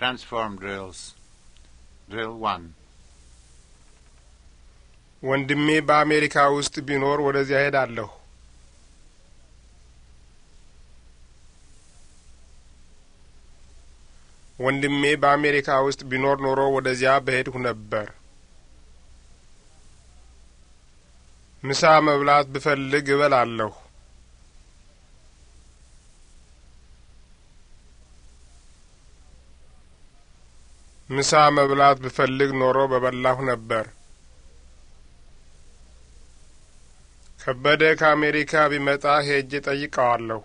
Transform drills. Drill 1. ወንድሜ በአሜሪካ ውስጥ ቢኖር ወደዚያ ሄዳለሁ። ወንድሜ በአሜሪካ ውስጥ ቢኖር ኖሮ ወደዚያ በሄድሁ ነበር። ምሳ መብላት ብፈልግ እበላለሁ። ምሳ መብላት ብፈልግ ኖሮ በበላሁ ነበር። ከበደ ከአሜሪካ ቢመጣ ሄጄ ጠይቀዋለሁ።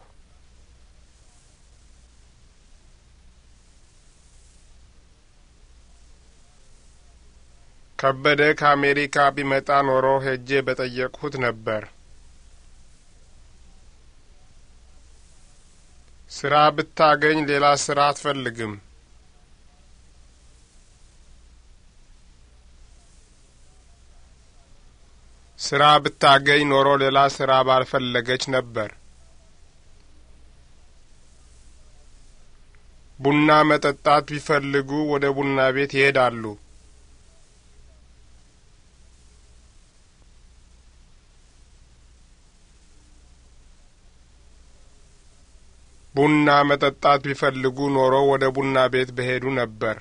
ከበደ ከአሜሪካ ቢመጣ ኖሮ ሄጄ በጠየቅሁት ነበር። ስራ ብታገኝ ሌላ ስራ አትፈልግም። ስራ ብታገኝ ኖሮ ሌላ ስራ ባልፈለገች ነበር። ቡና መጠጣት ቢፈልጉ ወደ ቡና ቤት ይሄዳሉ። ቡና መጠጣት ቢፈልጉ ኖሮ ወደ ቡና ቤት በሄዱ ነበር።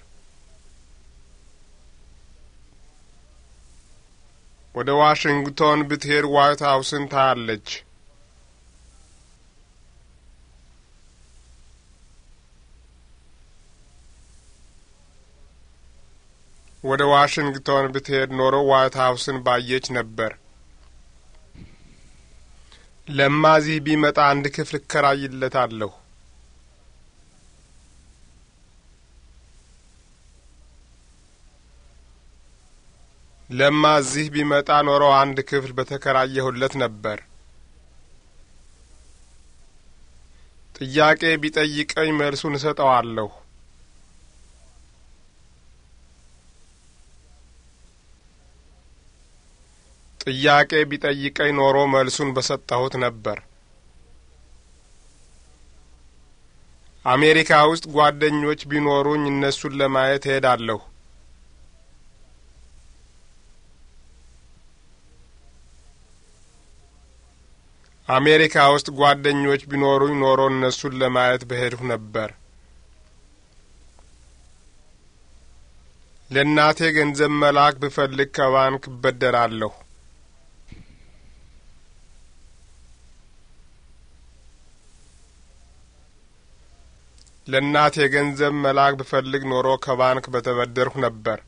ወደ ዋሽንግቶን ብትሄድ ዋይት ሀውስን ታያለች። ወደ ዋሽንግቶን ብትሄድ ኖሮ ዋይት ሀውስን ባየች ነበር። ለማዚህ ቢመጣ አንድ ክፍል እከራይለታለሁ። ለማ እዚህ ቢመጣ ኖሮ አንድ ክፍል በተከራየሁለት ነበር። ጥያቄ ቢጠይቀኝ መልሱን እሰጠዋለሁ። ጥያቄ ቢጠይቀኝ ኖሮ መልሱን በሰጠሁት ነበር። አሜሪካ ውስጥ ጓደኞች ቢኖሩኝ እነሱን ለማየት እሄዳለሁ። አሜሪካ ውስጥ ጓደኞች ቢኖሩኝ ኖሮ እነሱን ለማየት በሄድሁ ነበር። ለእናቴ ገንዘብ መላክ ብፈልግ ከባንክ እበደራለሁ። ለእናቴ ገንዘብ መላክ ብፈልግ ኖሮ ከባንክ በተበደርሁ ነበር።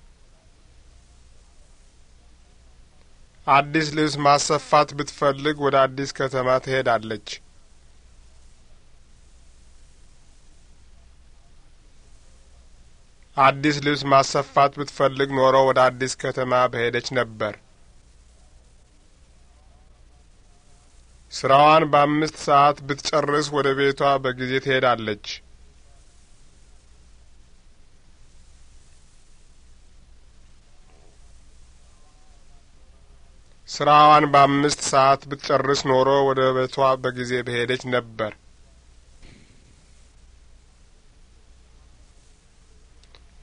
አዲስ ልብስ ማሰፋት ብትፈልግ ወደ አዲስ ከተማ ትሄዳለች። አዲስ ልብስ ማሰፋት ብትፈልግ ኖሮ ወደ አዲስ ከተማ በሄደች ነበር። ስራዋን በአምስት ሰዓት ብትጨርስ ወደ ቤቷ በጊዜ ትሄዳለች። ስራዋን በአምስት ሰዓት ብትጨርስ ኖሮ ወደ ቤቷ በጊዜ በሄደች ነበር።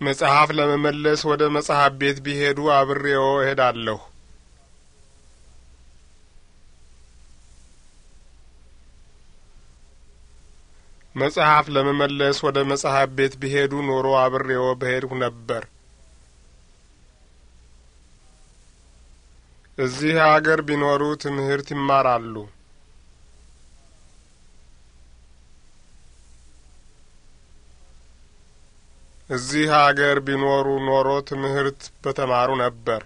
መጽሐፍ ለመመለስ ወደ መጽሐፍ ቤት ቢሄዱ አብሬዎ እሄዳለሁ። መጽሐፍ ለመመለስ ወደ መጽሐፍ ቤት ቢሄዱ ኖሮ አብሬዎ በሄድሁ ነበር። እዚህ አገር ቢኖሩ ትምህርት ይማራሉ። እዚህ አገር ቢኖሩ ኖሮ ትምህርት በተማሩ ነበር።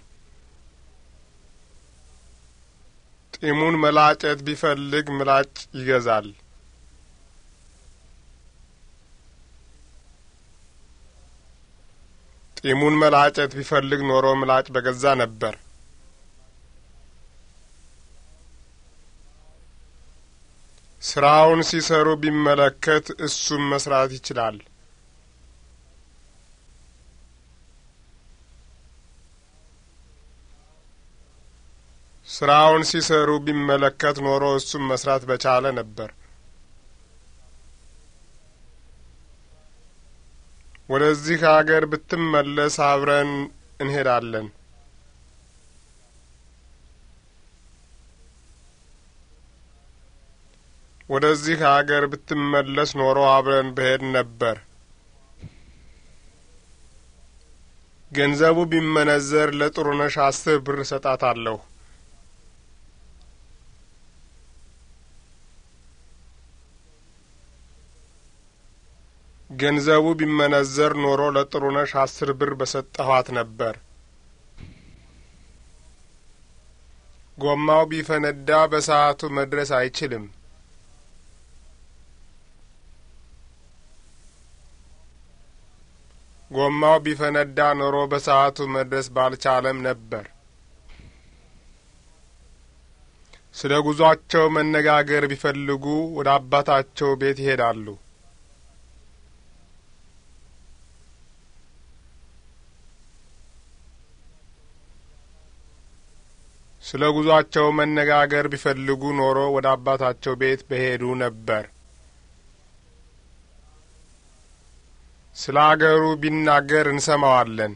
ጢሙን መላጨት ቢፈልግ ምላጭ ይገዛል። ጢሙን መላጨት ቢፈልግ ኖሮ ምላጭ በገዛ ነበር። ስራውን ሲሰሩ ቢመለከት እሱም መስራት ይችላል። ስራውን ሲሰሩ ቢመለከት ኖሮ እሱም መስራት በቻለ ነበር። ወደዚህ አገር ብትመለስ አብረን እንሄዳለን። ወደዚህ አገር ብትመለስ ኖሮ አብረን በሄድ ነበር። ገንዘቡ ቢመነዘር ለጥሩነሽ አስር ብር እሰጣታለሁ። ገንዘቡ ቢመነዘር ኖሮ ለጥሩነሽ አስር ብር በሰጠኋት ነበር። ጎማው ቢፈነዳ በሰዓቱ መድረስ አይችልም። ጎማው ቢፈነዳ ኖሮ በሰዓቱ መድረስ ባልቻለም ነበር። ስለ ጉዟቸው መነጋገር ቢፈልጉ ወደ አባታቸው ቤት ይሄዳሉ። ስለ ጉዟቸው መነጋገር ቢፈልጉ ኖሮ ወደ አባታቸው ቤት በሄዱ ነበር። ስለ አገሩ ቢናገር እንሰማዋለን።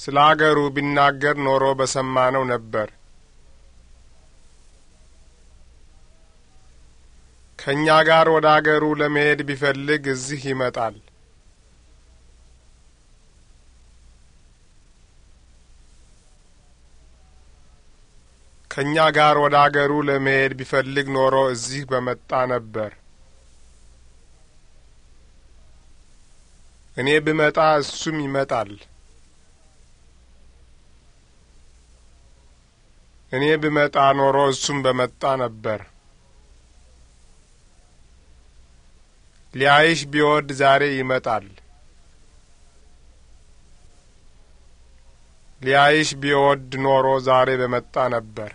ስለ አገሩ ቢናገር ኖሮ በሰማነው ነበር። ከእኛ ጋር ወደ አገሩ ለመሄድ ቢፈልግ እዚህ ይመጣል። ከእኛ ጋር ወደ አገሩ ለመሄድ ቢፈልግ ኖሮ እዚህ በመጣ ነበር። እኔ ብመጣ እሱም ይመጣል። እኔ ብመጣ ኖሮ እሱም በመጣ ነበር። ሊያይሽ ቢወድ ዛሬ ይመጣል። ሊያይሽ ቢወድ ኖሮ ዛሬ በመጣ ነበር።